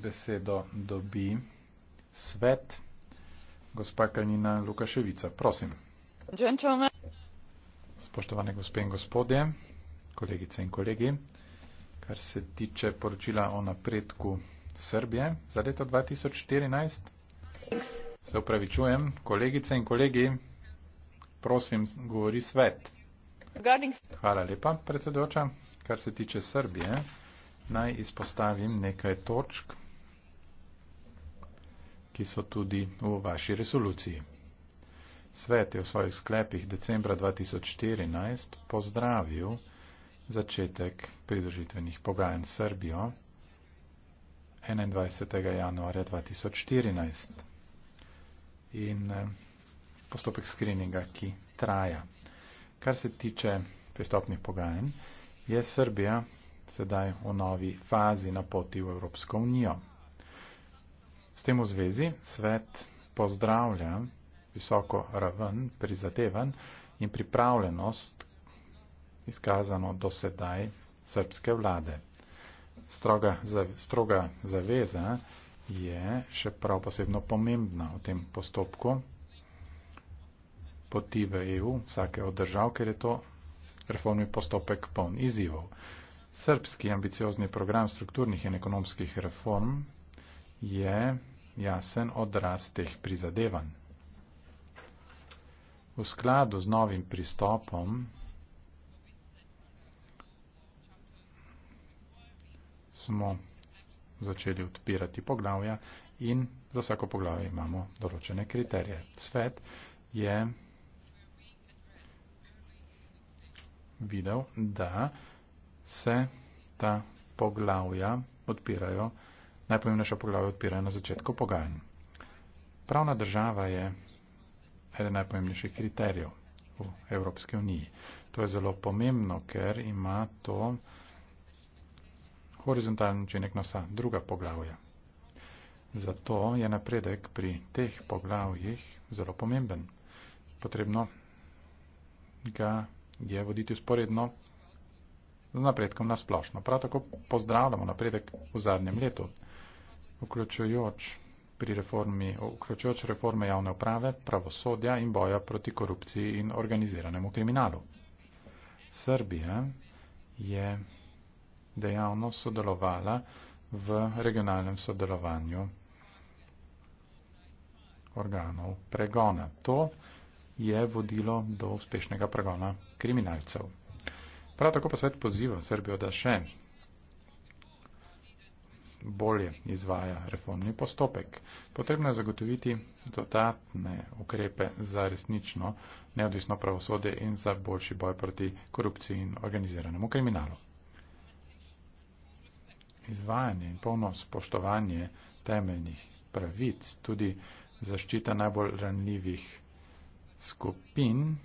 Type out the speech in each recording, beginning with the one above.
besedo dobi svet gospa Kanina Lukaševica. Prosim. Gentlemen. Spoštovane gospe in gospodje, kolegice in kolegi, kar se tiče poročila o napredku Srbije za leto 2014. Thanks. Se upravičujem, kolegice in kolegi, prosim, govori svet. Hvala lepa, predsedoča. Kar se tiče Srbije, naj izpostavim nekaj točk, ki so tudi v vaši resoluciji. Svet je v svojih sklepih decembra 2014 pozdravil začetek pridružitvenih pogajanj s Srbijo 21. januarja 2014 in eh, postopek skrininga, ki traja. Kar se tiče pristopnih pogajanj, je Srbija sedaj v novi fazi na poti v Evropsko unijo. S tem v zvezi svet pozdravlja visoko raven prizadevan in pripravljenost izkazano dosedaj srpske vlade. Stroga, stroga zaveza je še prav posebno pomembna v tem postopku poti v EU vsake od držav, ker je to reformni postopek poln izzivov. Srbski ambiciozni program strukturnih in ekonomskih reform je jasen odraz teh prizadevanj. V skladu z novim pristopom smo začeli odpirati poglavja in za vsako poglavje imamo določene kriterije. Svet je videl, da se ta poglavja odpirajo. Najpomembnejša poglavja odpirajo na začetku pogajanj. Pravna država je eden najpomembnejših kriterijev v Evropski uniji. To je zelo pomembno, ker ima to horizontalni učinek na vsa druga poglavja. Zato je napredek pri teh poglavjih zelo pomemben. Potrebno ga je voditi usporedno z napredkom na splošno. Prav tako pozdravljamo napredek v zadnjem letu vključujoč pri reformi, vključujoč reforme javne uprave, pravosodja in boja proti korupciji in organiziranemu kriminalu. Srbija je dejavno sodelovala v regionalnem sodelovanju organov pregona. To je vodilo do uspešnega pregona kriminalcev. Prav tako pa svet poziva Srbijo, da še bolje izvaja reformni postopek. Potrebno je zagotoviti dodatne ukrepe za resnično neodvisno pravosodje in za boljši boj proti korupciji in organiziranemu kriminalu. Izvajanje in polno spoštovanje temeljnih pravic, tudi zaščita najbolj ranljivih skupin,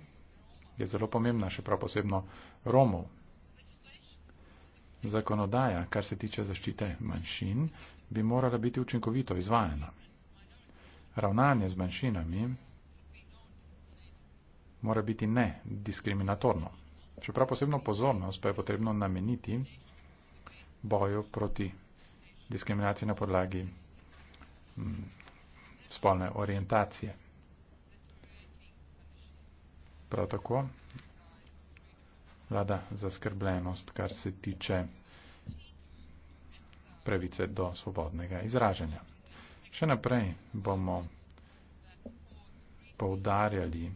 je zelo pomembna, še prav posebno Romov. Zakonodaja, kar se tiče zaščite manjšin, bi morala biti učinkovito izvajena. Ravnanje z manjšinami mora biti nediskriminatorno. Čeprav posebno pozornost pa je potrebno nameniti boju proti diskriminaciji na podlagi m, mm, spolne orientacije. Prav tako vlada zaskrbljenost, kar se tiče pravice do svobodnega izražanja. Še naprej bomo poudarjali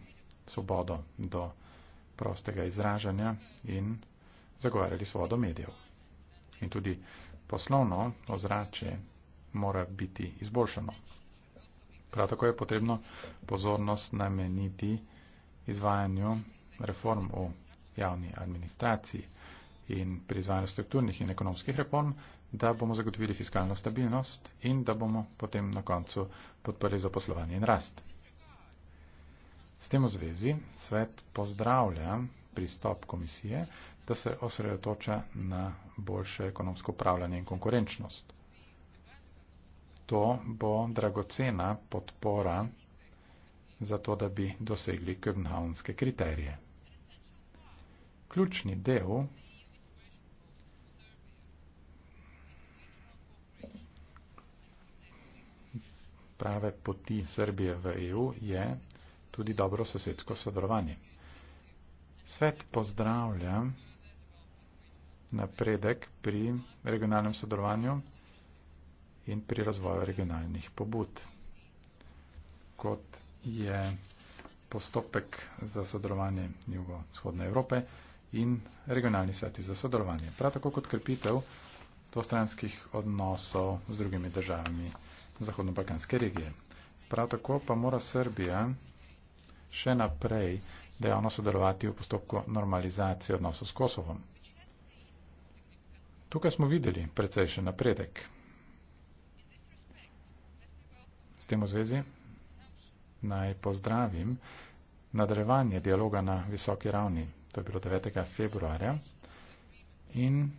svobodo do prostega izražanja in zagovarjali svobodo medijev. In tudi poslovno ozračje mora biti izboljšano. Prav tako je potrebno pozornost nameniti izvajanju reform v javni administraciji in pri izvajanju strukturnih in ekonomskih reform, da bomo zagotovili fiskalno stabilnost in da bomo potem na koncu podprli zaposlovanje in rast. S tem v zvezi svet pozdravlja pristop komisije, da se osredotoča na boljše ekonomsko upravljanje in konkurenčnost. To bo dragocena podpora za to, da bi dosegli Köbenhavnske kriterije ključni del prave poti Srbije v EU je tudi dobro sosedsko sodelovanje. Svet pozdravlja napredek pri regionalnem sodelovanju in pri razvoju regionalnih pobud. Kot je postopek za sodelovanje jugo-shodne Evrope, in regionalni sveti za sodelovanje. Prav tako kot krepitev dvostranskih odnosov z drugimi državami Zahodno-Balkanske regije. Prav tako pa mora Srbija še naprej dejavno sodelovati v postopku normalizacije odnosov s Kosovom. Tukaj smo videli precejšen napredek. S tem v zvezi naj pozdravim nadrevanje dialoga na visoki ravni to je bilo 9. februarja, in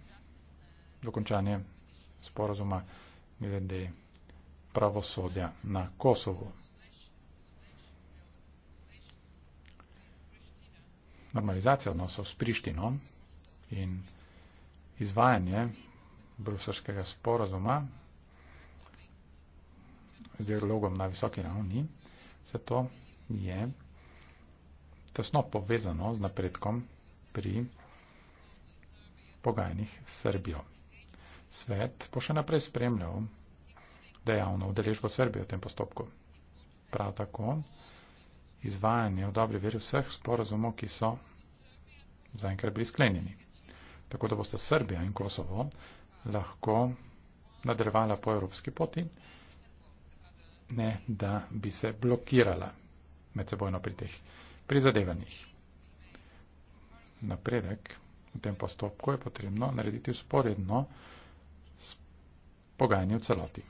dokončanje sporazuma glede pravosodja na Kosovo. Normalizacija odnosov s Prištino in izvajanje bruselskega sporazuma z dialogom na visoki ravni, zato je tesno povezano z napredkom pri pogajnih s Srbijo. Svet bo še naprej spremljal dejavno udeležbo Srbije v tem postopku. Prav tako izvajanje v dobri veri vseh sporazumov, ki so zaenkrat bili sklenjeni. Tako da boste Srbija in Kosovo lahko nadrevala po evropski poti, ne da bi se blokirala medsebojno pri teh prizadevanjih. Napredek v tem postopku je potrebno narediti usporedno s pogajanjem v celoti.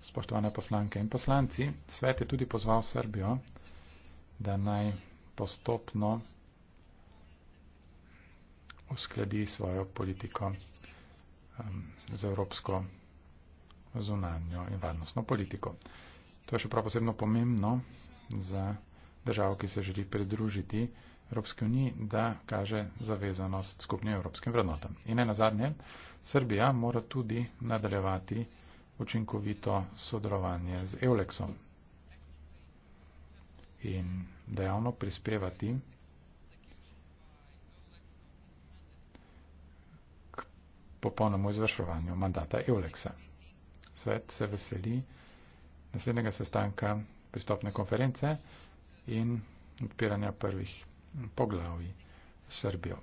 Spoštovane poslanke in poslanci, svet je tudi pozval Srbijo, da naj postopno uskladi svojo politiko um, z evropsko zunanjo in varnostno politiko. To je še prav posebno pomembno za držav, ki se želi pridružiti Evropske unije, da kaže zavezanost skupnim evropskim vrednotam. In ne nazadnje, Srbija mora tudi nadaljevati učinkovito sodelovanje z Euleksom in dejavno prispevati k popolnemu izvrševanju mandata Euleksa. Svet se veseli naslednjega sestanka pristopne konference in odpiranja prvih poglavij Srbijo.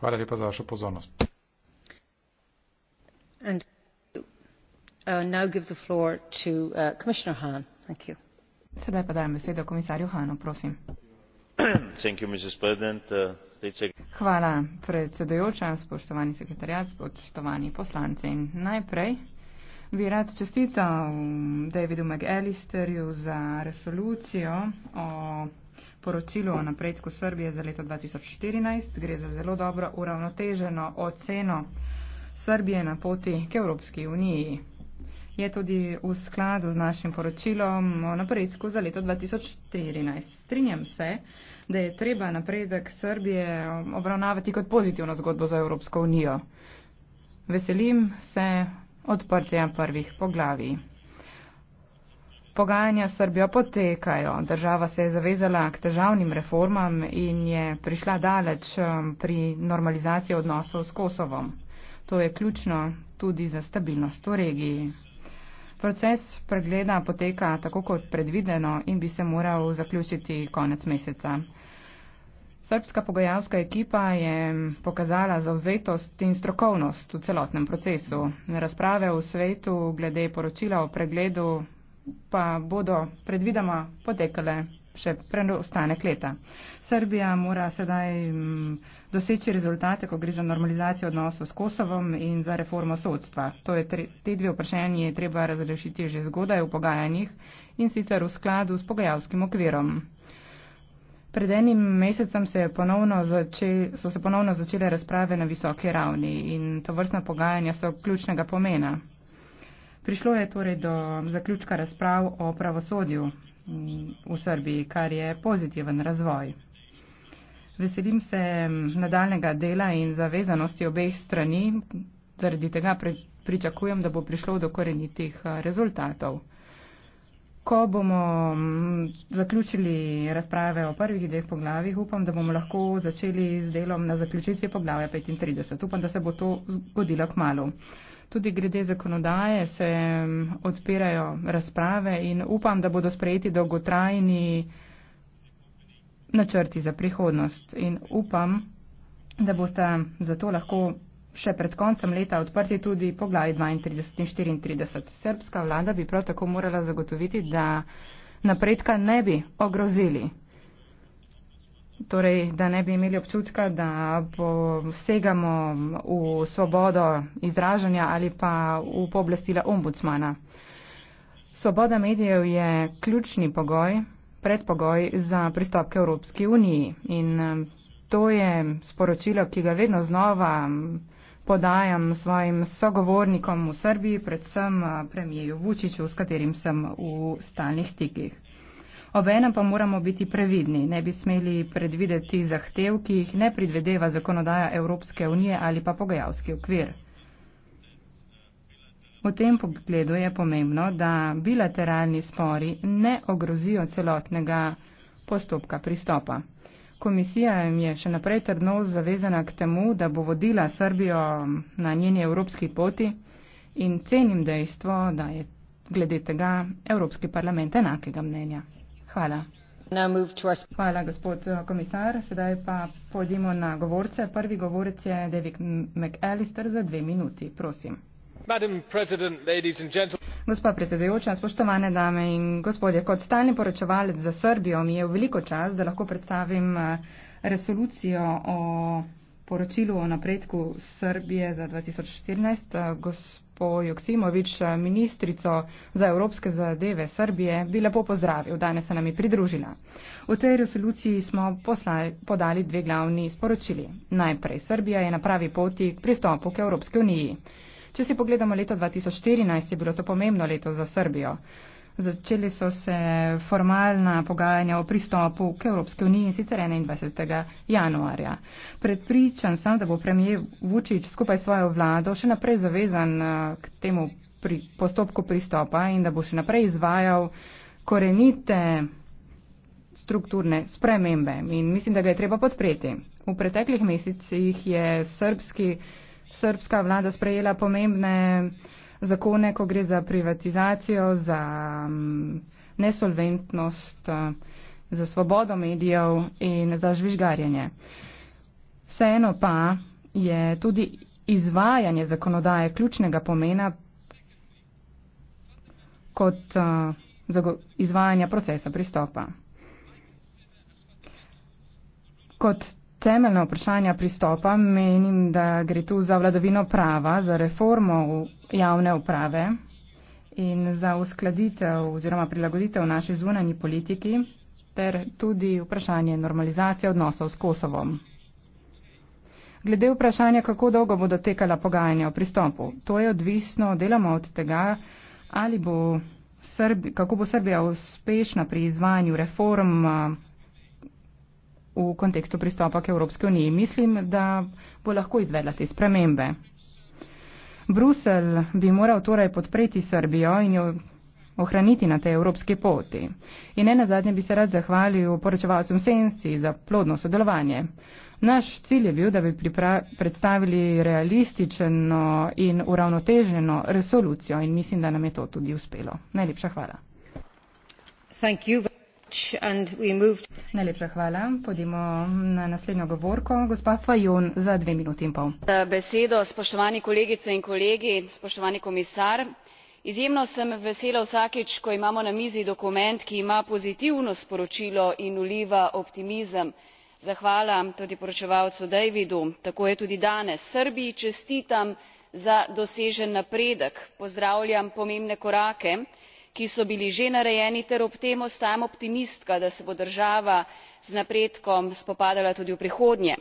Hvala lepa za vašo pozornost. Uh, uh, Sedaj pa dajem besedo komisarju Hanu, prosim. Thank you, Mrs. President. Uh, Hvala predsedujoča, spoštovani sekretarjat, spoštovani poslanci. Najprej bi rad čestital mm, Davidu McAllisterju za resolucijo o poročilu o napredku Srbije za leto 2014. Gre za zelo dobro uravnoteženo oceno Srbije na poti k Evropski uniji. Je tudi v skladu z našim poročilom o napredku za leto 2014. Strinjam se, da je treba napredek Srbije obravnavati kot pozitivno zgodbo za Evropsko unijo. Veselim se odprtja prvih poglavi. Pogajanja s Srbijo potekajo. Država se je zavezala k težavnim reformam in je prišla daleč um, pri normalizaciji odnosov s Kosovom. To je ključno tudi za stabilnost v regiji. Proces pregleda poteka tako kot predvideno in bi se moral zaključiti konec meseca. Srpska pogajalska ekipa je pokazala zauzetost in strokovnost v celotnem procesu. Razprave v svetu glede poročila o pregledu pa bodo predvidoma potekale še preostanek leta. Srbija mora sedaj mm, doseči rezultate, ko gre za normalizacijo odnosov s Kosovom in za reformo sodstva. To je tri, te dve vprašanje je treba razrešiti že zgodaj v pogajanjih in sicer v skladu s pogajalskim okvirom. Pred enim mesecem se začel, so se ponovno začele razprave na visoki ravni in to vrstna pogajanja so ključnega pomena. Prišlo je torej do zaključka razprav o pravosodju mm, v Srbiji, kar je pozitiven razvoj. Veselim se nadaljnega dela in zavezanosti obeh strani, zaradi tega pričakujem, da bo prišlo do korenitih eh, rezultatov. Ko bomo mm, zaključili razprave o prvih dveh poglavjih, upam, da bomo lahko začeli z delom na zaključitvi poglavja 35. Upam, da se bo to zgodilo k malu. Tudi glede zakonodaje se mm, odpirajo razprave in upam, da bodo sprejeti dolgotrajni načrti za prihodnost. In upam, da boste zato lahko še pred koncem leta odprti tudi poglavi 32 in 34. Srbska vlada bi prav tako morala zagotoviti, da napredka ne bi ogrozili. Torej, da ne bi imeli občutka, da posegamo v svobodo izražanja ali pa v pooblastila ombudsmana. Svoboda medijev je ključni pogoj, predpogoj za pristop k Evropski uniji. In eh, to je sporočilo, ki ga vedno znova podajam svojim sogovornikom v Srbiji, predvsem eh, premijeju Vučiću, s katerim sem v stalnih stikih. Obenem pa moramo biti previdni, ne bi smeli predvideti zahtev, ki jih ne predvedeva zakonodaja Evropske unije ali pa pogajalski okvir. V tem pogledu je pomembno, da bilateralni spori ne ogrozijo celotnega postopka pristopa. Komisija jim je še naprej trdno zavezana k temu, da bo vodila Srbijo na njeni evropski poti in cenim dejstvo, da je glede tega Evropski parlament enakega mnenja. Hvala. Hvala, gospod eh, komisar. Sedaj pa pojdimo na govorce. Prvi govorec je David McAllister za dve minuti. Prosim. Gospa predsedujoča, spoštovane dame in gospodje, kot stalni poročevalec za Srbijo mi je v veliko čas, da lahko predstavim eh, resolucijo o poročilu o napredku Srbije za 2014. Eh, gospo Joksimovič, eh, ministrico za evropske zadeve Srbije, bi lepo pozdravil, danes se nam je pridružila. V tej resoluciji smo poslali, podali dve glavni sporočili. Najprej, Srbija je na pravi poti k pristopu k Evropske uniji. Če si pogledamo leto 2014, je bilo to pomembno leto za Srbijo. Začeli so se formalna pogajanja o pristopu k Evropske unije sicer 21. januarja. Predpričan sem, da bo premijer Vučić skupaj s svojo vlado še naprej zavezan eh, k temu pri postopku pristopa in da bo še naprej izvajal korenite strukturne spremembe. In mislim, da ga je treba podpreti. V preteklih mesecih je srbski srbska vlada sprejela pomembne zakone, ko gre za privatizacijo, za mm, nesolventnost, eh, za svobodo medijev in za žvižgarjenje. Vseeno pa je tudi izvajanje zakonodaje ključnega pomena kot eh, izvajanje procesa pristopa. Kot temeljna vprašanja pristopa, menim, da gre tu za vladavino prava, za reformo javne uprave in za uskladitev oziroma prilagoditev naše zunanji politiki ter tudi vprašanje normalizacije odnosov s Kosovom. Glede vprašanja, kako dolgo bodo tekala pogajanja o pristopu, to je odvisno deloma od tega, ali bo Srbi, kako bo Srbija uspešna pri izvajanju reform v kontekstu pristopa k Evropske unije. Mislim, da bo lahko izvedla te spremembe. Brusel bi moral torej podpreti Srbijo in jo ohraniti na tej evropski poti. In ne nazadnje bi se rad zahvalil poročevalcem Sensi za plodno sodelovanje. Naš cilj je bil, da bi predstavili realistično in uravnoteženo resolucijo in mislim, da nam je to tudi uspelo. Najlepša hvala. Thank you. Najlepša hvala. Podimo na naslednjo govorko. Gospa Fajon za dve minuti in pol. Besedo, spoštovani kolegice in kolegi, spoštovani komisar. Izjemno sem vesela vsakič, ko imamo na mizi dokument, ki ima pozitivno sporočilo in uliva optimizem. Zahvala tudi poročevalcu Davidu, tako je tudi danes. Srbiji čestitam za dosežen napredek, pozdravljam pomembne korake, ki so bili že narejeni ter ob tem ostajam optimistka da se bo država z napredkom spopadala tudi v prihodnje.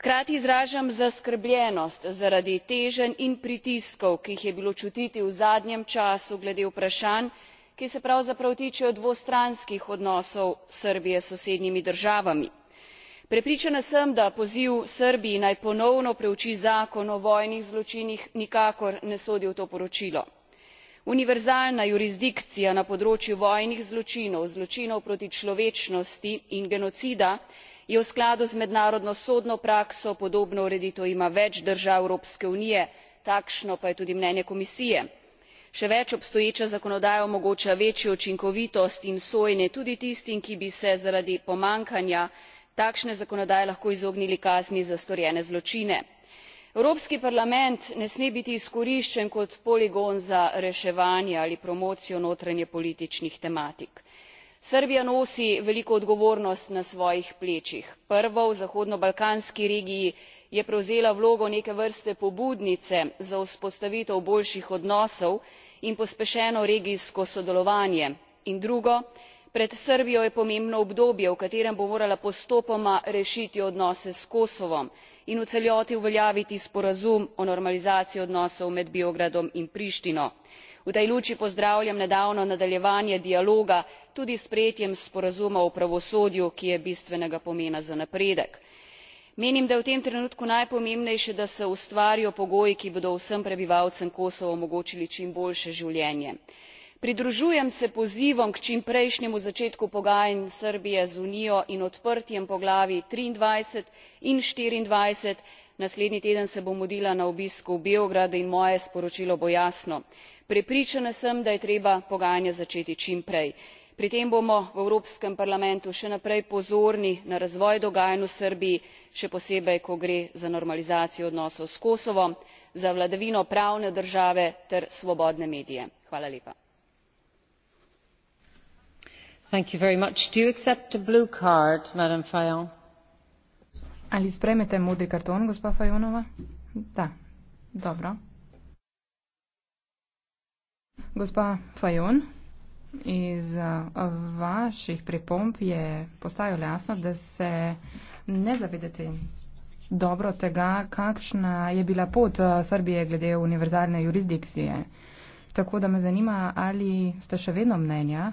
hkrati izražam zaskrbljenost zaradi teženj in pritiskov ki jih je bilo čutiti v zadnjem času glede vprašanj ki se pravzaprav tičejo dvostranskih odnosov srbije s sosednjimi državami. prepričana sem da poziv srbiji naj ponovno preuči zakon o vojnih zločinih nikakor ne sodi v to poročilo univerzalna jurisdikcija na področju vojnih zločinov zločinov proti človečnosti in genocida je v skladu z mednarodno sodno prakso podobno ureditev ima več držav evropske unije takšno pa je tudi mnenje komisije. še več obstoječa zakonodaja omogoča večjo učinkovitost in sojenje tudi tistim ki bi se zaradi pomanjkanja takšne zakonodaje lahko izognili kazni za storjene zločine evropski parlament ne sme biti izkoriščen kot poligon za reševanje ali promocijo notranjepolitičnih tematik. srbija nosi veliko odgovornost na svojih plečih. prva v zahodno balkanski regiji je prevzela vlogo neke vrste pobudnice za vzpostavitev boljših odnosov in pospešeno regijsko sodelovanje in drugo pred srbijo je pomembno obdobje v katerem bo morala postopoma rešiti odnose s kosovom in v celoti uveljaviti sporazum o normalizaciji odnosov med beogradom in prištino. v tej luči pozdravljam nedavno nadaljevanje dialoga tudi s sprejetjem sporazuma o pravosodju ki je bistvenega pomena za napredek. menim da je v tem trenutku najpomembnejše da se ustvarijo pogoji ki bodo vsem prebivalcem kosova omogočili čim boljše življenje pridružujem se pozivom k čimprejšnjemu začetku pogajanj srbije z unijo in odprtjem poglavij triindvajset in štiriindvajset naslednji teden se bom mudila na obisku v beograd in moje sporočilo bo jasno prepričana sem da je treba pogajanja začeti čimprej pri tem bomo v evropskem parlamentu še naprej pozorni na razvoj dogajanj v srbiji še posebej ko gre za normalizacijo odnosov s kosovom za vladavino pravne države ter svobodne medije ali sprejmete modri karton gospa fajonova da dobro gospa fajon iz eh, vaših pripomb je postajalo jasno da se ne zavedate dobro tega kakšna je bila pot eh, srbije glede univerzalne jurisdikcije tako da me zanima ali ste še vedno mnenja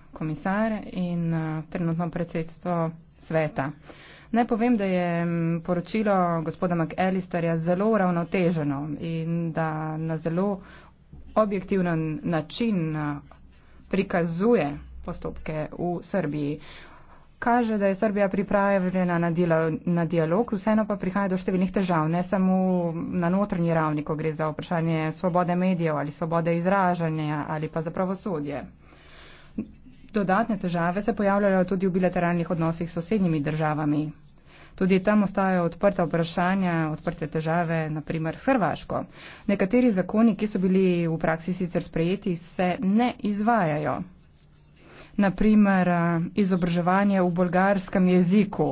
komisar in eh, trenutno predsedstvo sveta. Naj povem, da je mm, poročilo gospoda McAllisterja zelo ravnoteženo in da na zelo objektivno način eh, prikazuje postopke v Srbiji. Kaže, da je Srbija pripravljena na, dialo na dialog, vseeno pa prihaja do številnih težav, ne samo na notranji ravni, ko gre za vprašanje svobode medijev ali svobode izražanja ali pa za pravosodje. Dodatne težave se pojavljajo tudi v bilateralnih odnosih s sosednjimi državami. Tudi tam ostajajo odprta vprašanja, odprte težave, naprimer s Hrvaško. Nekateri zakoni, ki so bili v praksi sicer sprejeti, se ne izvajajo. Naprimer, eh, izobraževanje v bolgarskem jeziku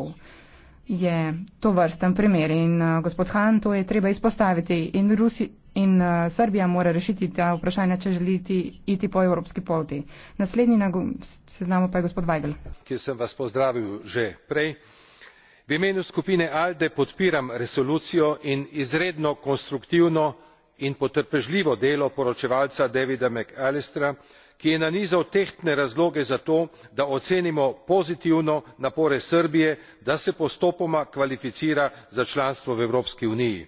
je to vrsten primer. In eh, gospod Han, to je treba izpostaviti. In Rusi, in uh, Srbija mora rešiti ta vprašanja, če želite iti po evropski poti. Naslednji na seznamu pa je gospod Weigl. Ki sem vas pozdravil že prej. V imenu skupine ALDE podpiram resolucijo in izredno konstruktivno in potrpežljivo delo poročevalca Davida McAllistera, ki je nanizal tehtne razloge za to, da ocenimo pozitivno napore Srbije, da se postopoma kvalificira za članstvo v Evropski uniji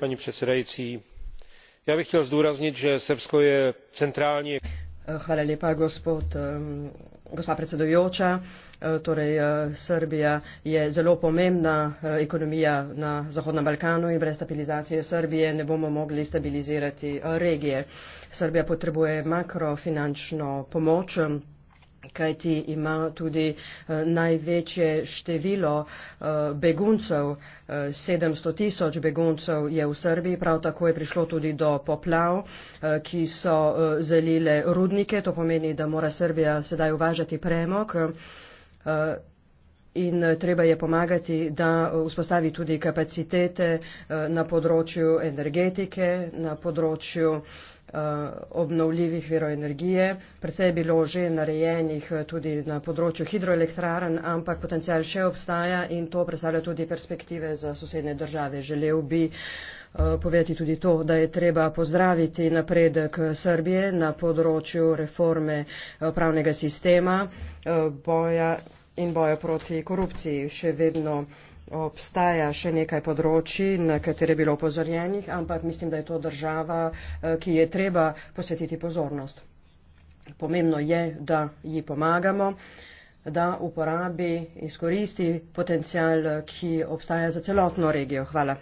paní předsedající já bych chtěl zdůraznit že srbsko je centrální. gospa predsedujoča e, torej e, srbija je zelo pomembna e, ekonomija na zahodnem balkanu in brez stabilizacije srbije ne bomo mogli stabilizirati regije. srbija potrebuje makrofinančno pomoč kajti ima tudi eh, največje število eh, beguncev. 700 eh, tisoč beguncev je v Srbiji, prav tako je prišlo tudi do poplav, ki so zalile rudnike, to pomeni, da mora Srbija sedaj uvažati premog in treba je pomagati, da vzpostavi tudi kapacitete na področju energetike, na področju Eh, obnovljivih virov energije. Predvsej je bilo že narejenih eh, tudi na področju hidroelektraren, ampak potencial še obstaja in to predstavlja tudi perspektive za sosednje države. Želel bi eh, povedati tudi to, da je treba pozdraviti napredek Srbije na področju reforme pravnega sistema boja in boja proti korupciji. Še vedno obstaja še nekaj področji, na katere je bilo upozorjenih, ampak mislim, da je to država, eh, ki je treba posvetiti pozornost. Pomembno je, da ji pomagamo, da uporabi in skoristi potencial, ki obstaja za celotno regijo. Hvala.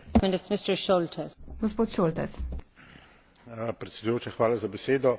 Gospod Šoltes. Ja, predsedujoča, hvala za besedo.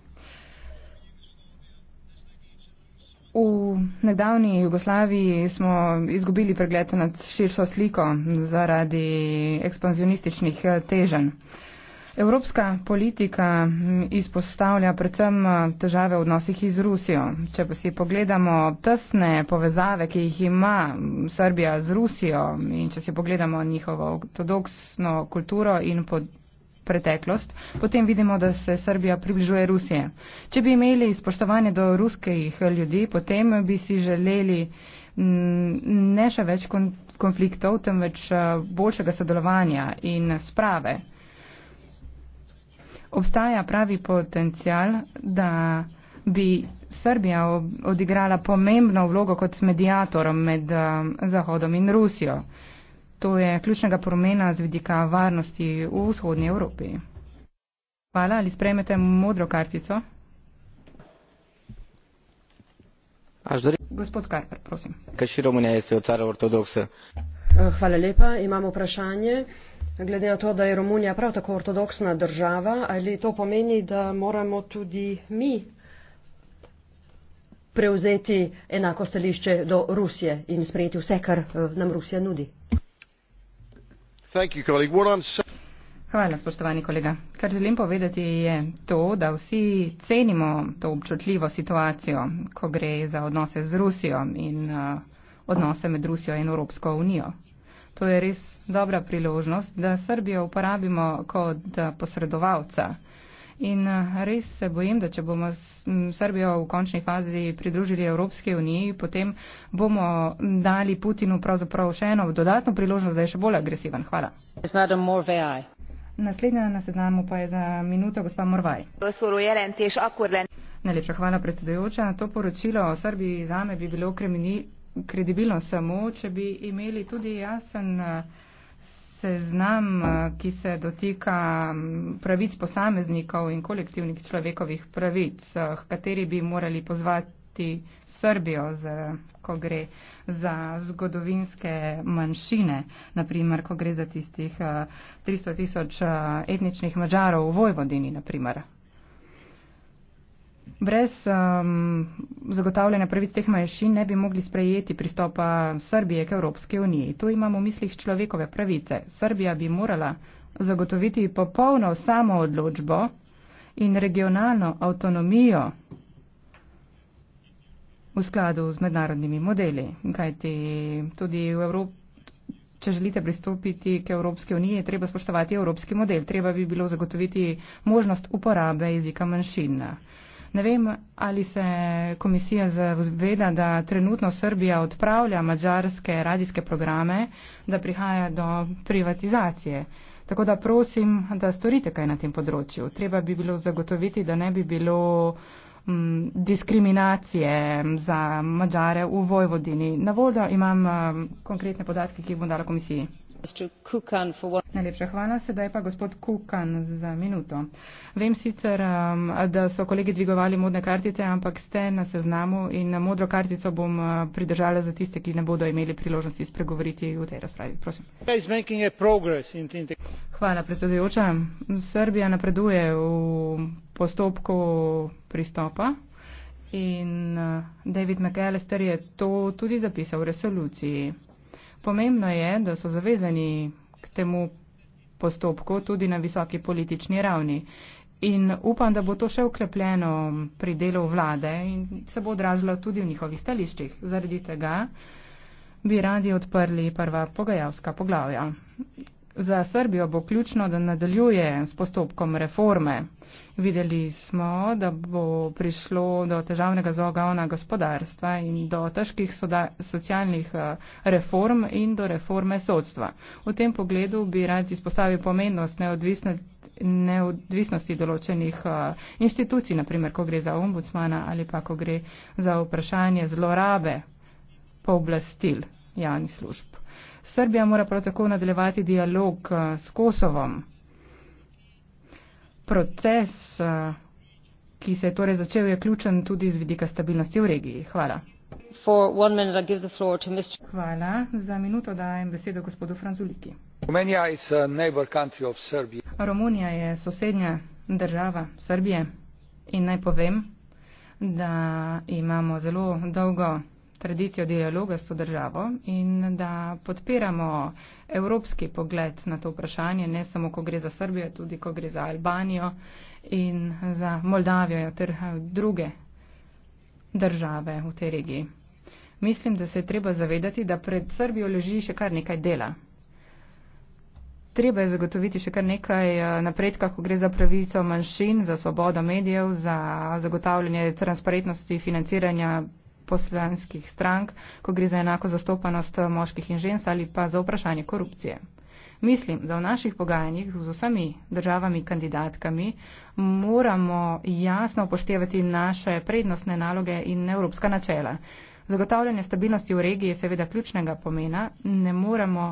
V nedavni Jugoslaviji smo izgubili pregled nad širšo sliko zaradi ekspanzionističnih eh, teženj. Evropska politika mm, izpostavlja predvsem eh, težave v odnosih z Rusijo. Če pa si pogledamo tesne povezave, ki jih ima mm, Srbija z Rusijo in če si pogledamo njihovo ortodoksno kulturo in preteklost, potem vidimo, da se Srbija približuje Rusije. Če bi imeli spoštovanje do ruskih ljudi, potem bi si želeli mm, ne še več konfliktov, temveč eh, boljšega sodelovanja in sprave. Obstaja pravi potencial, da bi Srbija odigrala pomembno vlogo kot medijator med eh, Zahodom in Rusijo. To je ključnega pomena z vidika varnosti v vzhodnji Evropi. Hvala, ali sprejmete modro kartico? Gospod Karper, prosim. Eh, hvala lepa, imam vprašanje. Glede na to, da je Romunija prav tako ortodoksna država, ali to pomeni, da moramo tudi mi prevzeti enako stališče do Rusije in sprejeti vse, kar eh, nam Rusija nudi? Hvala, spoštovani kolega. Kar želim povedati je to, da vsi cenimo to občutljivo situacijo, ko gre za odnose z Rusijo in uh, odnose med Rusijo in Evropsko unijo. To je res dobra priložnost, da Srbijo uporabimo kot uh, posredovalca In eh, res se bojim, da če bomo Srbijo v končni fazi pridružili Evropske unije, potem bomo dali Putinu pravzaprav še eno dodatno priložnost, da je še bolj agresiven. Hvala. Naslednja na seznamu pa je za minuto gospa Morvaj. Najlepša hvala, predsedujoča. To poročilo o Srbiji zame bi bilo kredibilno samo, če bi imeli tudi jasen. Uh, seznam, eh, ki se dotika mm, pravic posameznikov in kolektivnih človekovih pravic, k eh, kateri bi morali pozvati Srbijo, za, ko gre za zgodovinske manjšine, naprimer, ko gre za tistih 300 eh, tisoč etničnih mačarov v Vojvodini, naprimer. Brez um, zagotavljanja pravic teh manjšin ne bi mogli sprejeti pristopa Srbije k Evropski uniji. Tu imamo v mislih človekove pravice. Srbija bi morala zagotoviti popolno samoodločbo in regionalno avtonomijo v skladu z mednarodnimi modeli. Kajti tudi v Evropi, če želite pristopiti k Evropski uniji, je treba spoštovati evropski model. Treba bi bilo zagotoviti možnost uporabe jezika manjšina. Ne vem, ali se komisija zaveda, da trenutno Srbija odpravlja mađarske radijske programe, da prihaja do privatizacije. Tako da prosim, da storite kaj na tem področju. Treba bi bilo zagotoviti, da ne bi bilo m, mm, diskriminacije za mađare v Vojvodini. Na voljo imam m, mm, konkretne podatke, ki jih bom dala komisiji. Najlepša hvala, sedaj pa gospod Kukan za minuto. Vem sicer, um, da so kolegi dvigovali modne kartice, ampak ste na seznamu in modro kartico bom uh, pridržala za tiste, ki ne bodo imeli priložnosti spregovoriti v tej razpravi. Prosim. Hvala, predsedujoča. Srbija napreduje v postopku pristopa. In uh, David McAllister je to tudi zapisal v resoluciji. Pomembno je, da so zavezani k temu postopku tudi na visoki politični ravni. In upam, da bo to še ukrepljeno pri delu vlade in se bo odražalo tudi v njihovih stališčih. Zaradi tega bi radi odprli prva pogajalska poglavja. Za Srbijo bo ključno, da nadaljuje s postopkom reforme. Videli smo, da bo prišlo do težavnega zogavna gospodarstva in do težkih socialnih eh, reform in do reforme sodstva. V tem pogledu bi rad izpostavil pomembnost neodvisne neodvisnosti določenih eh, inštitucij, naprimer, ko gre za ombudsmana ali pa ko gre za vprašanje zlorabe pooblastil javnih služb. Srbija mora prav tako nadaljevati dialog eh, s Kosovom. Proces, eh, ki se je torej začel, je ključen tudi z vidika stabilnosti v regiji. Hvala. Hvala. Za minuto dajem besedo gospodu Franzuliki. Romunija je sosednja država Srbije in naj povem, da imamo zelo dolgo tradicijo dialoga s to državo in da podpiramo evropski pogled na to vprašanje, ne samo, ko gre za Srbijo, tudi, ko gre za Albanijo in za Moldavijo ter eh, druge države v tej regiji. Mislim, da se je treba zavedati, da pred Srbijo leži še kar nekaj dela. Treba je zagotoviti še kar nekaj eh, napredka, ko gre za pravico manjšin, za svobodo medijev, za zagotavljanje transparentnosti financiranja poslanskih strank, ko gre za enako zastopanost eh, moških in žensk ali pa za vprašanje korupcije. Mislim, da v naših pogajanjih z vsemi državami kandidatkami moramo jasno upoštevati naše prednostne naloge in evropska načela. Zagotavljanje stabilnosti v regiji je seveda ključnega pomena, ne moremo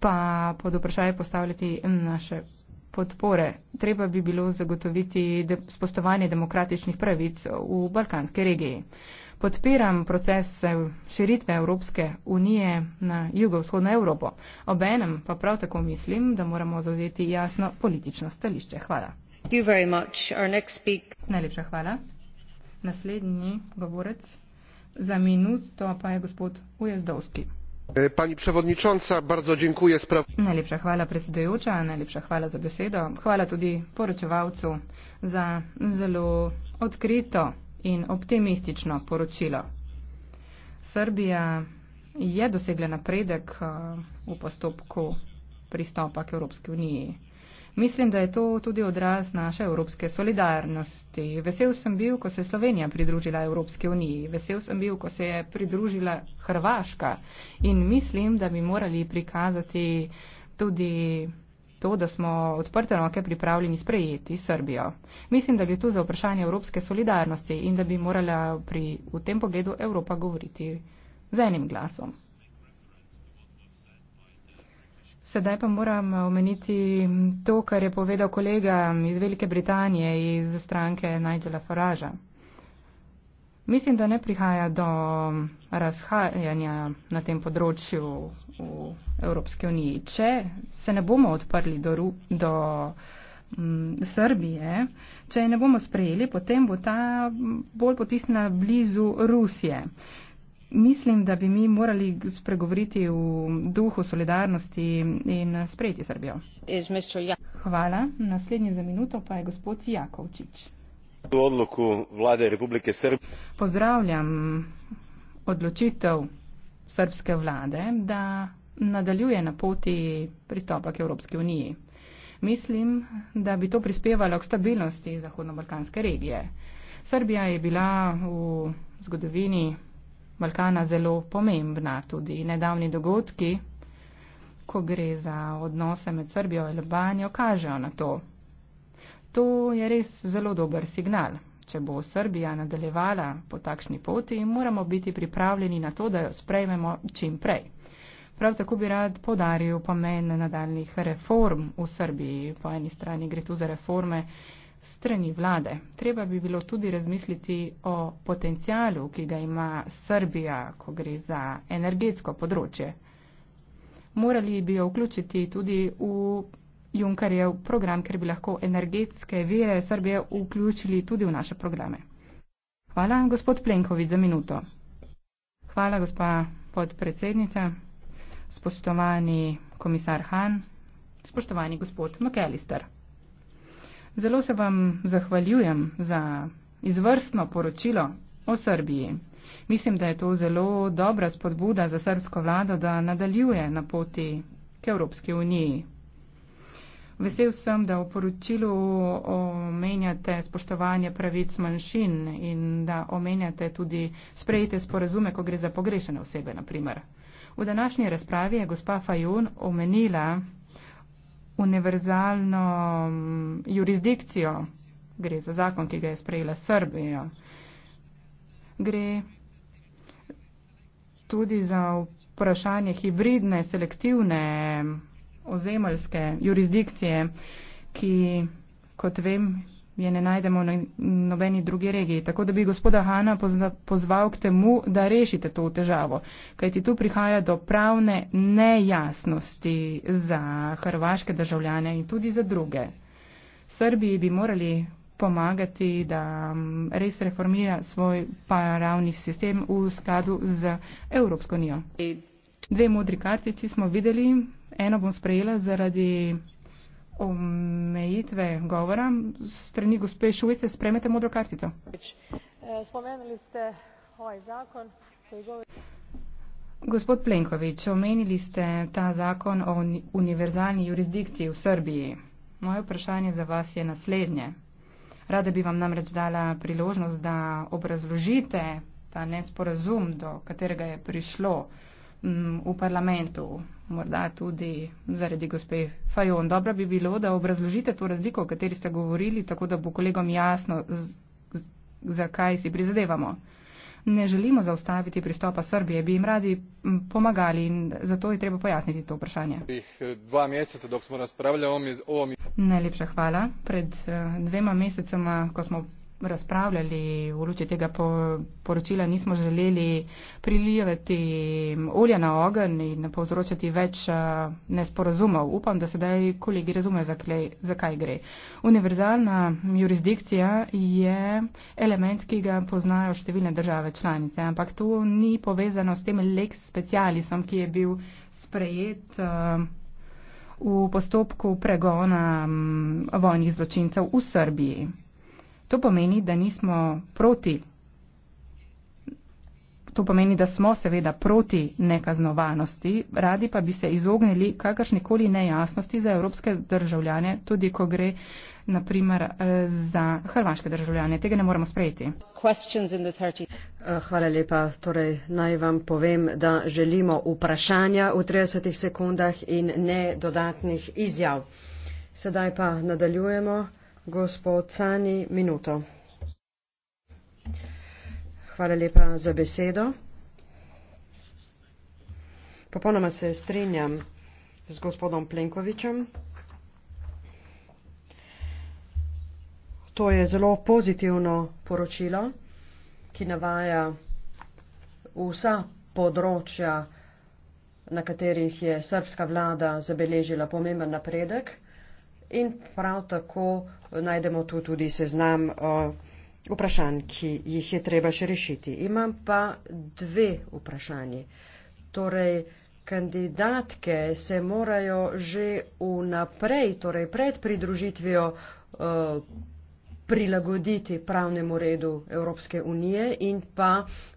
pa pod vprašanje postavljati mm, naše podpore. Treba bi bilo zagotoviti de spostovanje demokratičnih pravic v balkanski regiji podpiram proces eh, širitve Evropske unije na jugovzhodno Evropo. Obenem pa prav tako mislim, da moramo zauzeti jasno politično stališče. Hvala. Najlepša hvala. Naslednji govorec za minuto pa je gospod Ujezdovski. E, pani predsednica, bardzo dziękuję. Spra... Najlepša hvala predsedujoča, najlepša hvala za besedo. Hvala tudi poročevalcu za zelo odkrito in optimistično poročilo. Srbija je dosegla napredek eh, v postopku pristopa k Evropski uniji. Mislim, da je to tudi odraz naše evropske solidarnosti. Vesel sem bil, ko se je Slovenija pridružila Evropski uniji. Vesel sem bil, ko se je pridružila Hrvaška. In mislim, da bi morali prikazati tudi to, da smo odprte roke pripravljeni sprejeti Srbijo. Mislim, da gre tu za vprašanje evropske solidarnosti in da bi morala pri v tem pogledu Evropa govoriti z enim glasom. Sedaj pa moram omeniti to, kar je povedal kolega iz Velike Britanije iz stranke Nigela Faraža. Mislim, da ne prihaja do razhajanja na tem področju v Evropske unije. Če se ne bomo odprli do, do m, mm, Srbije, če je ne bomo sprejeli, potem bo ta mm, bolj potisnila blizu Rusije. Mislim, da bi mi morali spregovoriti v duhu solidarnosti in sprejeti Srbijo. Ja- Hvala. Naslednji za minuto pa je gospod Jakovčič. Pozdravljam odločitev srbske vlade, da nadaljuje na poti pristopa k Evropski uniji. Mislim, da bi to prispevalo k stabilnosti zahodno-balkanske regije. Srbija je bila v zgodovini Balkana zelo pomembna, tudi nedavni dogodki, ko gre za odnose med Srbijo in Albanijo, kažejo na to. To je res zelo dober signal če bo Srbija nadaljevala po takšni poti, moramo biti pripravljeni na to, da jo sprejmemo čim prej. Prav tako bi rad podaril pomen nadaljnih reform v Srbiji. Po eni strani gre tu za reforme strani vlade. Treba bi bilo tudi razmisliti o potencijalu, ki ga ima Srbija, ko gre za energetsko področje. Morali bi jo vključiti tudi v Junkarjev program, ker bi lahko energetske vere Srbije vključili tudi v naše programe. Hvala, gospod Plenković, za minuto. Hvala, gospa podpredsednica, spoštovani komisar Han, spoštovani gospod McAllister. Zelo se vam zahvaljujem za izvrstno poročilo o Srbiji. Mislim, da je to zelo dobra spodbuda za srbsko vlado, da nadaljuje na poti k Evropski uniji. Vesel sem, da v poročilu omenjate spoštovanje pravic manjšin in da omenjate tudi sprejete sporazume, ko gre za pogrešene osebe, naprimer. V današnji razpravi je gospa Fajun omenila univerzalno mm, jurisdikcijo, gre za zakon, ki ga je sprejela Srbija. Gre tudi za vprašanje hibridne, selektivne ozemeljske jurisdikcije, ki, kot vem, je ne najdemo v nobeni drugi regiji. Tako da bi gospoda Hanna pozval k temu, da rešite to težavo, kajti tu prihaja do pravne nejasnosti za hrvaške državljane in tudi za druge. Srbiji bi morali pomagati, da res reformira svoj paravni sistem v skladu z Evropsko unijo. Dve modri kartici smo videli, eno bom sprejela zaradi omejitve govora strani gospe Šuvice. Spremete modro kartico. Spomenuli ste ovaj zakon. Gospod Plenković, omenili ste ta zakon o univerzalni jurisdikciji v Srbiji. Moje vprašanje za vas je naslednje. Rada bi vam namreč dala priložnost, da obrazložite ta nesporazum, do katerega je prišlo mm, v parlamentu morda tudi zaradi gospe Fajon. Dobro bi bilo, da obrazložite to razliko, o kateri ste govorili, tako da bo kolegom jasno, zakaj si prizadevamo. Ne želimo zaustaviti pristopa Srbije, bi jim radi pomagali in zato je treba pojasniti to vprašanje. Eh, Najlepša hvala. Pred eh, dvema mesecema, ko smo razpravljali v luči tega poročila, nismo želeli prilivati olja na ogen in povzročati več eh, nesporazumov. Upam, da sedaj kolegi razumejo, zakaj gre. Univerzalna jurisdikcija je element, ki ga poznajo številne države članice, ampak to ni povezano s tem lex specialisom, ki je bil sprejet eh, v postopku pregona mm, vojnih zločincev v Srbiji. To pomeni, da nismo proti. To pomeni, da smo seveda proti nekaznovanosti, radi pa bi se izognili kakršnikoli nejasnosti za evropske državljane, tudi ko gre naprimer eh, za hrvaške državljane. Tega ne moremo sprejeti. Eh, hvala lepa. Torej, naj vam povem, da želimo vprašanja v 30 sekundah in ne dodatnih izjav. Sedaj pa nadaljujemo. Gospod Cani, minuto. Hvala lepa za besedo. Popolnoma se strinjam z gospodom Plenkovičem. To je zelo pozitivno poročilo, ki navaja vsa področja, na katerih je srpska vlada zabeležila pomemben napredek in prav tako najdemo tu tudi seznam eh, vprašanj, ki jih je treba še rešiti. Imam pa dve vprašanje. Torej, kandidatke se morajo že vnaprej, torej pred pridružitvijo, eh, prilagoditi pravnemu redu Evropske unije in pa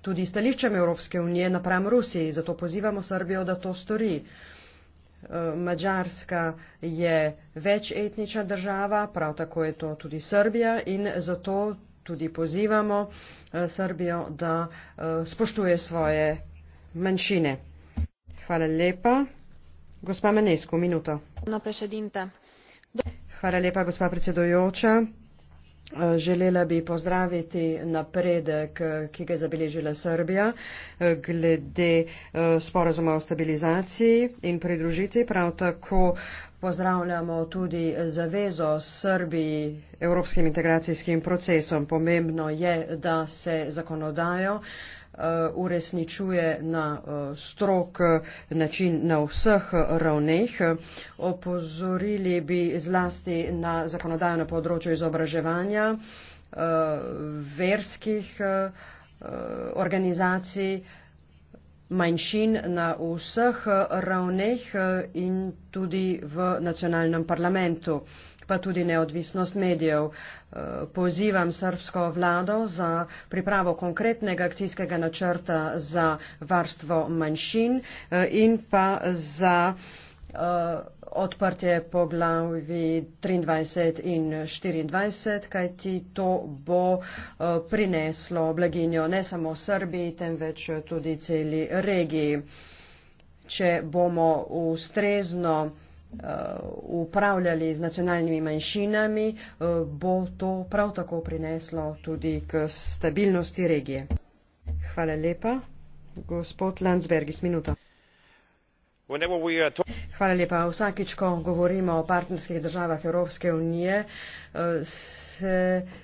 tudi stališčem Evropske unije napram Rusiji. Zato pozivamo Srbijo, da to stori. Uh, Eh, Mačarska je večetnična država, prav tako je to tudi Srbija in zato tudi pozivamo eh, Srbijo, da eh, spoštuje svoje manjšine. Hvala lepa. Gospa Menesko, minuto. Hvala lepa, gospa predsedojoča. Želela bi pozdraviti napredek, ki ga je zabeležila Srbija glede eh, sporozuma o stabilizaciji in pridružiti. Prav tako pozdravljamo tudi zavezo Srbiji evropskim integracijskim procesom. Pomembno je, da se zakonodajo Eh, uresničuje na eh, strok eh, način na vseh ravneh. Opozorili bi zlasti na zakonodajno področje izobraževanja verskih organizacij manjšin na vseh ravneh in tudi v nacionalnem parlamentu pa tudi neodvisnost medijev. Eh, pozivam srbsko vlado za pripravo konkretnega akcijskega načrta za varstvo manjšin eh, in pa za eh, odprtje poglavi 23 in 24, kajti to bo prineslo blaginjo ne samo Srbiji, temveč tudi celi regiji. Če bomo ustrezno Eh, upravljali z nacionalnimi manjšinami, eh, bo to prav tako prineslo tudi k stabilnosti regije. Hvala lepa. Gospod Landsberg, iz minuto. Hvala lepa. Vsakič, ko govorimo o partnerskih državah Evropske unije, eh, se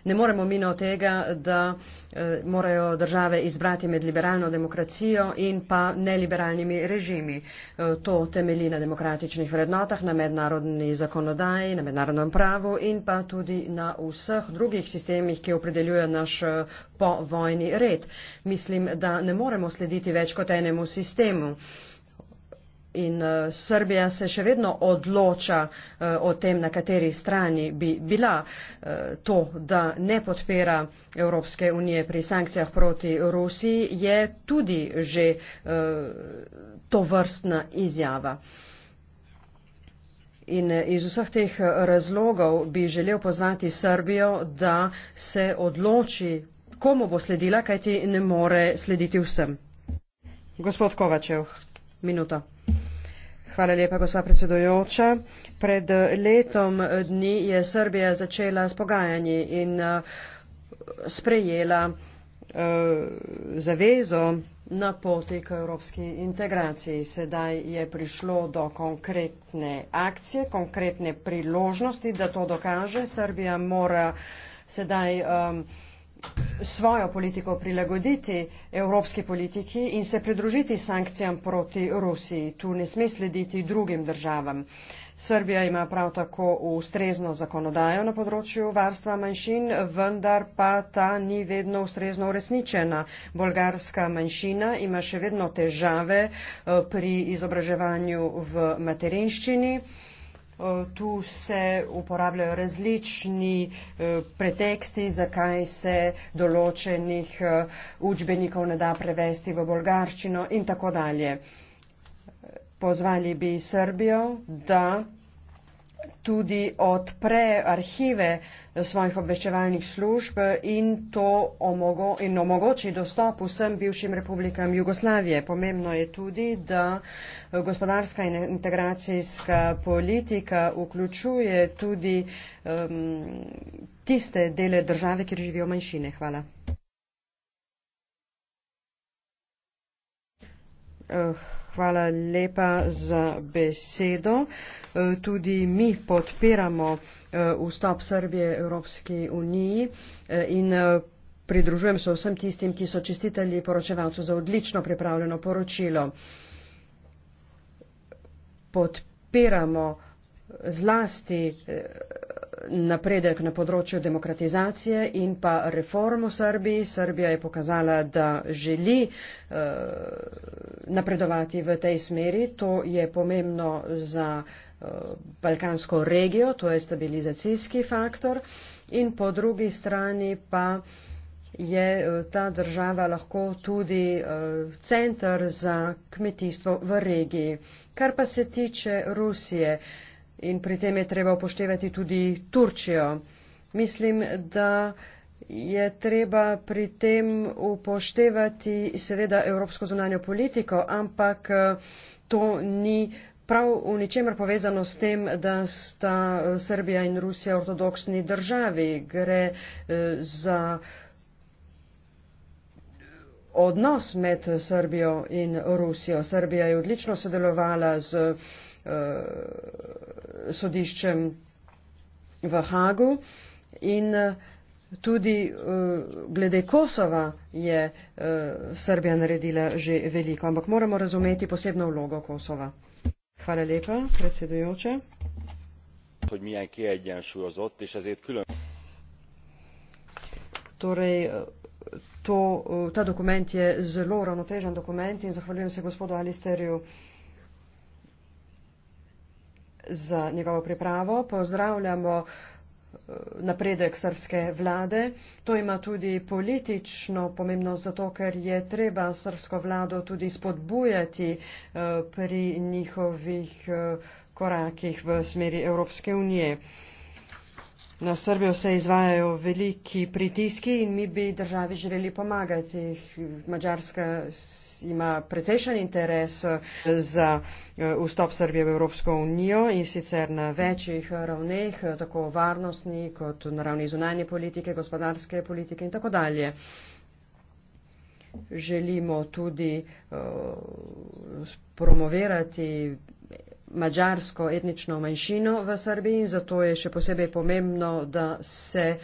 ne moremo mino tega, da eh, morajo države izbrati med liberalno demokracijo in pa neliberalnimi režimi. Eh, to temelji na demokratičnih vrednotah, na mednarodni zakonodaji, na mednarodnem pravu in pa tudi na vseh drugih sistemih, ki opredeljuje naš povojni red. Mislim, da ne moremo slediti več kot enemu sistemu. In uh, Srbija se še vedno odloča uh, o tem, na kateri strani bi bila uh, to, da ne podpira Evropske unije pri sankcijah proti Rusiji, je tudi že uh, to vrstna izjava. In iz vseh teh razlogov bi želel pozvati Srbijo, da se odloči, komu bo sledila, kajti ne more slediti vsem. Gospod Kovačev, minuto. Hvala lepa, gospa predsedujoča. Pred letom dni je Srbija začela s pogajanji in uh, sprejela uh, zavezo na poti k evropski integraciji. Sedaj je prišlo do konkretne akcije, konkretne priložnosti, da to dokaže. Srbija mora sedaj um, svojo politiko prilagoditi evropski politiki in se pridružiti sankcijam proti Rusiji. Tu ne sme slediti drugim državam. Srbija ima prav tako ustrezno zakonodajo na področju varstva manjšin, vendar pa ta ni vedno ustrezno uresničena. Bolgarska manjšina ima še vedno težave eh, pri izobraževanju v materinščini. Eh, tu se uporabljajo različni eh, preteksti, zakaj se določenih eh, učbenikov ne da prevesti v bolgarščino in tako dalje. Pozvali bi Srbijo, da tudi odpre arhive svojih obveščevalnih služb in to omogo in omogoči dostop vsem bivšim republikam Jugoslavije. Pomembno je tudi, da gospodarska in integracijska politika vključuje tudi um, tiste dele države, kjer živijo manjšine. Hvala. Eh, hvala lepa za besedo. Eh, tudi mi podpiramo eh, vstop Srbije Evropski uniji eh, in pridružujem se vsem tistim, ki so čestitali poročevalcu za odlično pripravljeno poročilo. Podpiramo zlasti napredek na področju demokratizacije in pa reform v Srbiji. Srbija je pokazala, da želi eh, napredovati v tej smeri. To je pomembno za eh, balkansko regijo, to je stabilizacijski faktor. In po drugi strani pa je eh, ta država lahko tudi center za kmetijstvo v regiji. Kar pa se tiče Rusije, in pri tem je treba upoštevati tudi Turčijo. Mislim, da je treba pri tem upoštevati seveda evropsko zunanjo politiko, ampak eh, to ni prav v ničemer povezano s tem, da sta eh, Srbija in Rusija ortodoksni državi. Gre eh, za odnos med Srbijo in Rusijo. Srbija je odlično sodelovala z Eh, sodiščem v Hagu in eh, tudi eh, glede Kosova je Srbija naredila že veliko, ampak moramo razumeti posebno vlogo Kosova. Hvala lepa, predsedujoče. Torej, to, ta dokument je zelo ravnotežen dokument in zahvaljujem se gospodu Alisterju za njegovo pripravo. Pozdravljamo eh, napredek srpske vlade. To ima tudi politično pomembno zato, ker je treba srpsko vlado tudi spodbujati eh, pri njihovih eh, korakih v smeri Evropske unije. Na Srbijo se izvajajo veliki pritiski in mi bi državi želeli pomagati. Mačarska ima precejšen interes za eh, vstop Srbije v Evropsko unijo in sicer na večjih ravneh, tako varnostni kot na ravni zunanje politike, gospodarske politike in tako dalje. Želimo tudi uh, promovirati mađarsko etnično manjšino v Srbiji in zato je še posebej pomembno, da se uh,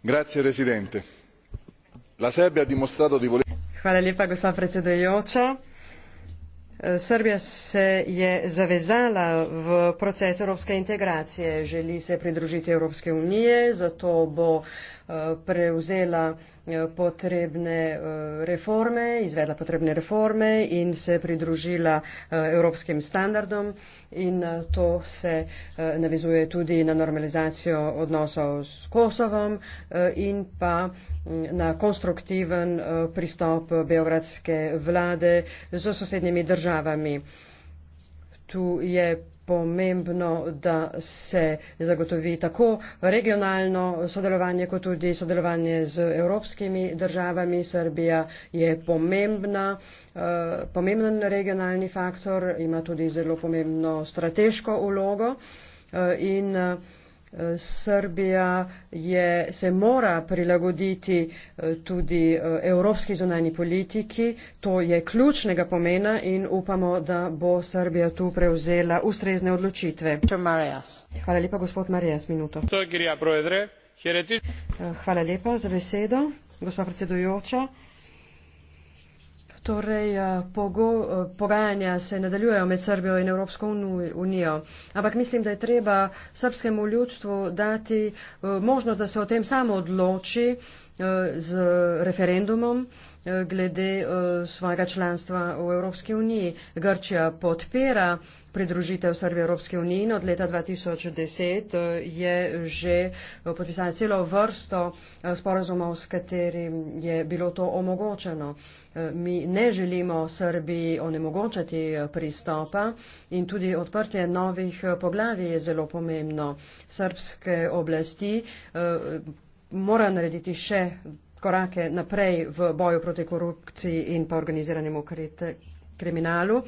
gospa predsedujoča srbija se je odločila za pot proti evropski uniji. hvala lepa gospa predsedujoča eh, srbija se je zavezala v proces evropske integracije želi se pridružiti evropski uniji zato bo Eh, prevzela eh, potrebne eh, reforme, izvedla potrebne reforme in se pridružila evropskim standardom in to se navizuje tudi na normalizacijo odnosov s Kosovom in pa mm, na konstruktiven pristop beogradske vlade z sosednjimi državami. Tu je pomembno, da se zagotovi tako regionalno sodelovanje, kot tudi sodelovanje z evropskimi državami. Srbija je pomembna, eh, pomemben regionalni faktor, ima tudi zelo pomembno strateško ulogo. Eh, in uh, Srbija je, se mora prilagoditi eh, tudi eh, evropski zunanji politiki. To je ključnega pomena in upamo, da bo Srbija tu prevzela ustrezne odločitve. Hvala lepa, gospod Marijas, minuto. Eh, hvala lepa za besedo, gospod predsedujoča. Torej, eh, pogo, eh, pogajanja se nadaljujejo med Srbijo in Evropsko unijo, ampak mislim, da je treba srpskemu ljudstvu dati eh, možnost, da se o tem samo odloči z referendumom glede eh, svojega članstva v Evropski uniji. Grčija podpira pridružitev Srbije Evropske unije in od leta 2010 eh, je že eh, podpisala celo vrsto sporazumov, s katerim je bilo to omogočeno. Mi ne želimo Srbiji onemogočati pristopa in tudi odprtje novih poglavij je zelo pomembno. Srbske oblasti mora narediti še korake naprej v boju proti korupciji in pa organiziranemu kriminalu.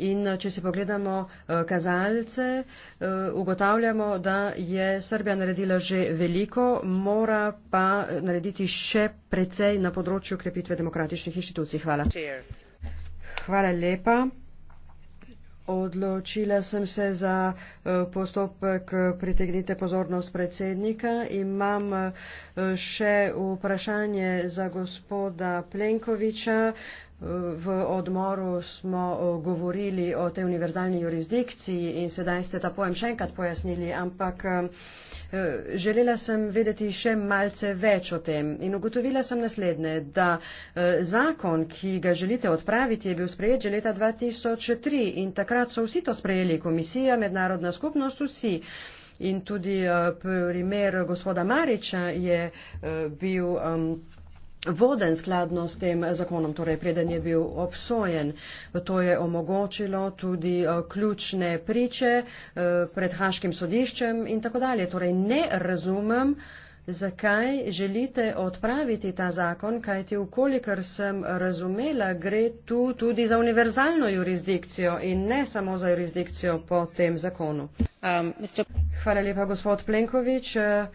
In eh, če si pogledamo eh, kazalce, eh, ugotavljamo, da je Srbija naredila že veliko, mora pa narediti še precej na področju krepitve demokratičnih inštitucij. Hvala. Hvala lepa. Odločila sem se za eh, postopek eh, pritegnite pozornost predsednika. Imam eh, še vprašanje za gospoda Plenkoviča. V odmoru smo govorili o tej univerzalni jurisdikciji in sedaj ste ta pojem še enkrat pojasnili, ampak Eh, želela sem vedeti še malce več o tem in ugotovila sem naslednje, da eh, zakon, ki ga želite odpraviti, je bil sprejet že leta 2003 in takrat so vsi to sprejeli, komisija, mednarodna skupnost, vsi. In tudi eh, primer gospoda Mariča je bil. Um, voden skladno s tem zakonom, torej preden je bil obsojen. To je omogočilo tudi eh, ključne priče eh, pred Haškim sodiščem in tako dalje. Torej ne razumem, zakaj želite odpraviti ta zakon, kajti ukolikor sem razumela, gre tu tudi za univerzalno jurisdikcijo in ne samo za jurisdikcijo po tem zakonu. Um, Hvala lepa, gospod Plenkovič. Uh, eh,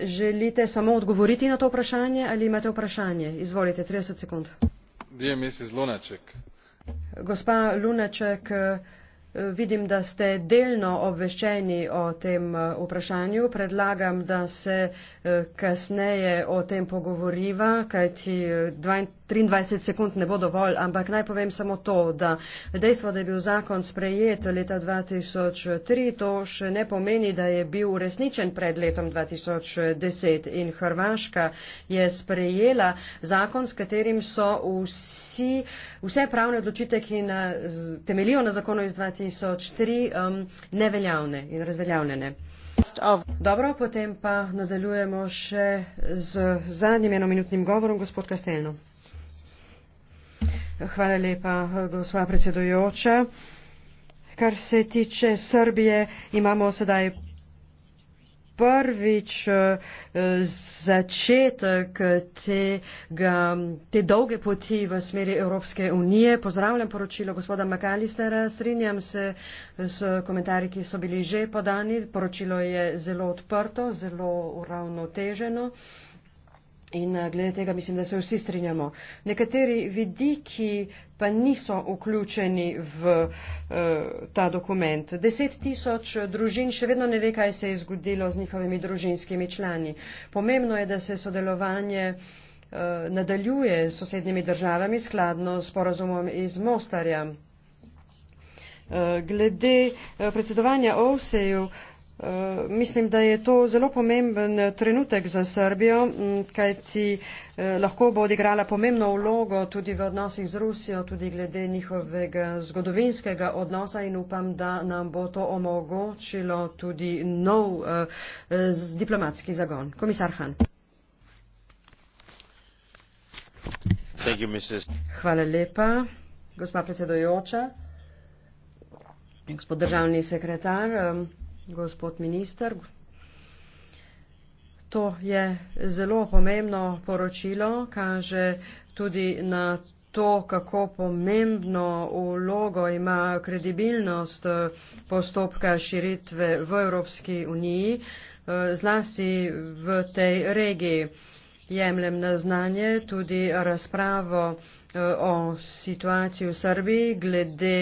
Želite samo odgovoriti na to vprašanje ali imate vprašanje? Izvolite, 30 sekund. Gospa Lunaček, Vidim, da ste delno obveščeni o tem eh, vprašanju. Predlagam, da se eh, kasneje o tem pogovoriva, kajti 23 eh, sekund ne bo dovolj, ampak naj povem samo to, da dejstvo, da je bil zakon sprejet leta 2003, to še ne pomeni, da je bil uresničen pred letom 2010 in Hrvaška je sprejela zakon, s katerim so vsi uh, vse pravne odločitve, ki na, z, temelijo na zakonu iz 2003, um, neveljavne in razveljavljene. Dobro, potem pa nadaljujemo še z zadnjim enominutnim govorom, gospod Kasteljno. Hvala lepa, gospod predsedujoča. Kar se tiče Srbije, imamo sedaj prvič eh, začetek tega, te dolge poti v smeri Evropske unije. Pozdravljam poročilo gospoda Makalistera, strinjam se eh, s komentarji, ki so bili že podani. Poročilo je zelo odprto, zelo uravnoteženo. Uh, In eh, glede tega mislim, da se vsi strinjamo. Nekateri vidiki pa niso vključeni v uh, ta dokument. Deset tisoč eh, družin še vedno ne ve, kaj se je zgodilo z njihovimi družinskimi člani. Pomembno je, da se sodelovanje uh, nadaljuje s sosednjimi državami skladno s porazumom iz Mostarja. Uh, glede uh, predsedovanja OVSE-ju. Uh, Eh, mislim, da je to zelo pomemben eh, trenutek za Srbijo, mm, kajti eh, lahko bo odigrala pomembno vlogo tudi v odnosih z Rusijo, tudi glede njihovega zgodovinskega odnosa in upam, da nam bo to omogočilo tudi nov eh, diplomatski zagon. Komisar Han. You, Hvala lepa, gospa predsedojoča, gospod državni sekretar. Eh, gospod minister. To je zelo pomembno poročilo, kaže tudi na to, kako pomembno vlogo ima kredibilnost postopka širitve v Evropski uniji, zlasti v tej regiji. Jemljem na znanje tudi razpravo o situaciji v Srbiji glede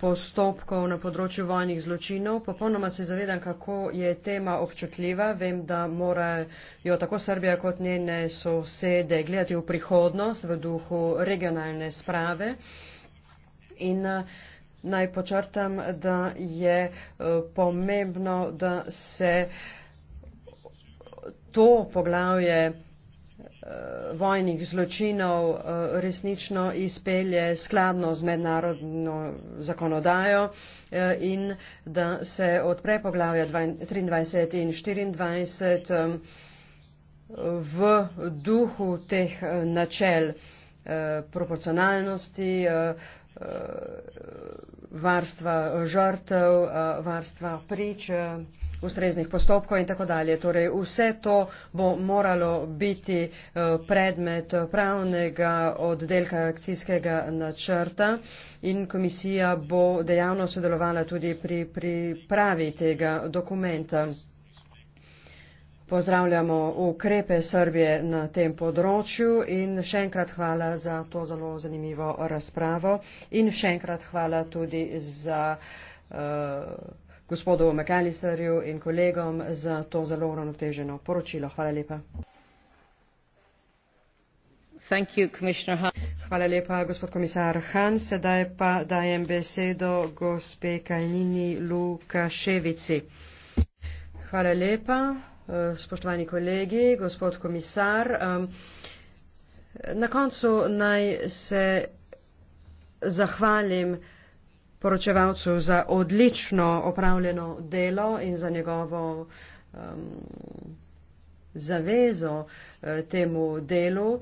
postopkov na področju vojnih zločinov. Popolnoma se zavedam, kako je tema občutljiva. Vem, da morajo tako Srbija kot njene sosede gledati v prihodnost v duhu regionalne sprave. In naj počrtam, da je pomembno, da se to poglavje Eh, vojnih zločinov eh, resnično izpelje skladno z mednarodno zakonodajo eh, in da se odpre poglavja 23 in 24 v duhu teh načel proporcionalnosti, varstva žrtev, varstva priča ustreznih postopkov in tako dalje. Torej, vse to bo moralo biti eh, predmet pravnega oddelka akcijskega načrta in komisija bo dejavno sodelovala tudi pri pripravi tega dokumenta. Pozdravljamo ukrepe Srbije na tem področju in še enkrat hvala za to zelo zanimivo razpravo in še enkrat hvala tudi za. Uh, gospodu McAllisterju in kolegom za to zelo uravnoteženo poročilo. Hvala lepa. Thank you, Commissioner Hahn. Hvala lepa, gospod komisar Han. Sedaj pa dajem besedo gospe Kalnini Lukaševici. Hvala lepa, eh, spoštovani kolegi, gospod komisar. Na koncu naj se zahvalim poročevalcu za odlično opravljeno delo in za njegovo um, zavezo uh, temu delu,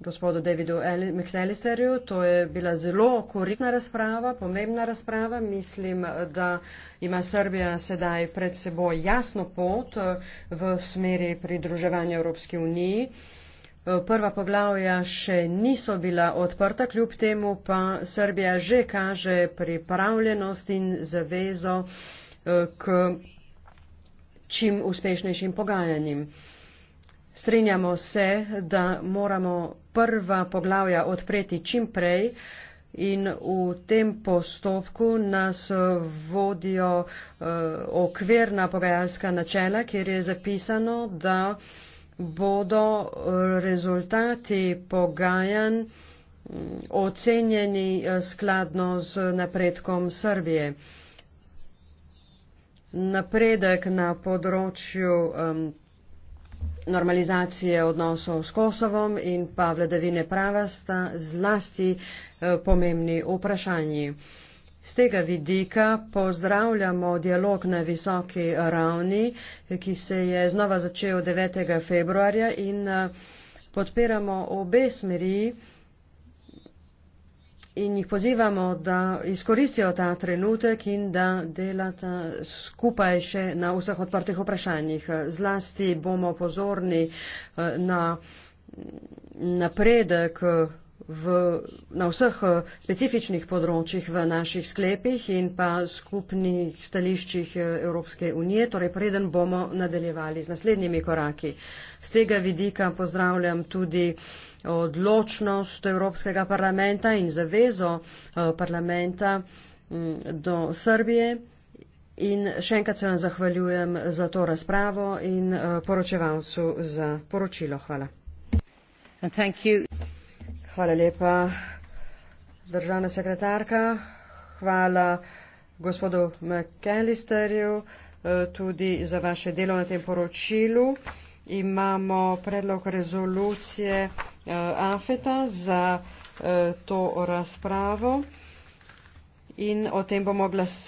gospodu Davidu McAllisterju. To je bila zelo koristna razprava, pomembna razprava. Mislim, da ima Srbija sedaj pred seboj jasno pot uh, v smeri pridruževanja Evropske unije. Uh, Prva poglavja še niso bila odprta, kljub temu pa Srbija že kaže pripravljenost in zavezo eh, k čim uspešnejšim pogajanjem. Strenjamo se, da moramo prva poglavja odpreti čim prej in v tem postopku nas vodijo eh, okvirna pogajalska načela, kjer je zapisano, da bodo eh, rezultati pogajanj mm, ocenjeni eh, skladno z napredkom Srbije. Napredek na področju um, normalizacije odnosov s Kosovom in pa vladavine prava sta zlasti uh, pomembni vprašanji. Uh, Z tega vidika pozdravljamo dialog na visoki ravni, ki se je znova začel 9. februarja in eh, podpiramo obe smeri in jih pozivamo, da izkoristijo ta trenutek in da delata skupaj še na vseh odprtih vprašanjih. Zlasti bomo pozorni eh, na napredek v, na vseh eh, specifičnih področjih v naših sklepih in pa skupnih stališčih eh, Evropske unije, torej preden bomo nadaljevali z naslednjimi koraki. Z tega vidika pozdravljam tudi odločnost Evropskega parlamenta in zavezo eh, parlamenta mm, do Srbije. In še enkrat se vam zahvaljujem za to razpravo in poročevalcu za poročilo. Hvala. And thank you. Hvala lepa, državna sekretarka. Hvala gospodu McAllisterju eh, tudi za vaše delo na tem poročilu. Imamo predlog rezolucije uh, AFETA za uh, to razpravo in o tem bomo glasili.